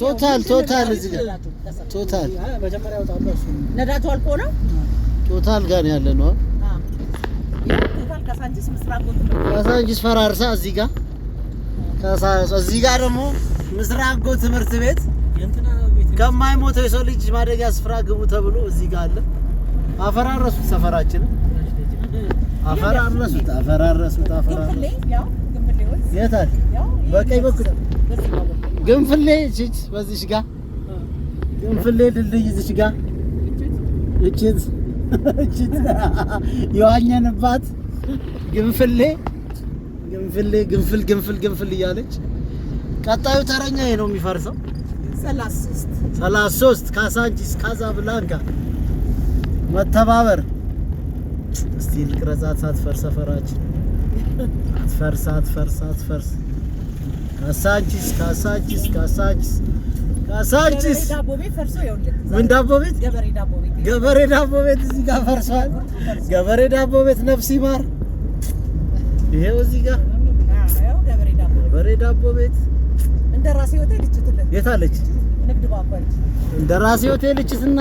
ቶታል ቶታል እዚህ ጋር ቶታል ነዳጅ አልቆ ነው። ቶታል ጋር ያለ ነው። ካሳንቺስ ፈራርሳ እዚህ ጋር ካሳንቺስ እዚህ ጋር ደግሞ ምስራቅ ጎ ትምህርት ቤት ከማይሞተው የሰው ልጅ ማደጊያ ስፍራ ግቡ ተብሎ እዚህ ጋር አለ። አፈራረሱት፣ ሰፈራችንን አፈራረሱት፣ አፈራረሱት፣ አፈራረሱት። የት አለ? በቀኝ በኩል ግንፍሌ እቺት በዚሽ ጋር ግንፍሌ ድልድይ እዚሽ ጋር እቺት እቺት የዋኘንባት ግንፍሌ ግንፍሌ ግንፍል ግንፍል ግንፍል እያለች ቀጣዩ ተረኛ ይሄ ነው የሚፈርሰው። 33 ካሳንቺስ ካዛብላንካ መተባበር። እስቲ ልቅረጻት ሳትፈርስ ሰፈራችን አትፈርስ አትፈርስ አትፈርስ ካሳቺስ ካሳቺስ ካሳቺስ ካሳቺስ ምን ዳቦ ቤት? ገበሬ ዳቦ ቤት እዚህ ጋር ፈርሷል። ገበሬ ዳቦ ቤት ነፍስ ይማር። ይሄው እዚህ ጋር ገበሬ ዳቦ ቤት እንደራሴ ሆቴል እችት የታለች? እንደራሴ ሆቴል እችትና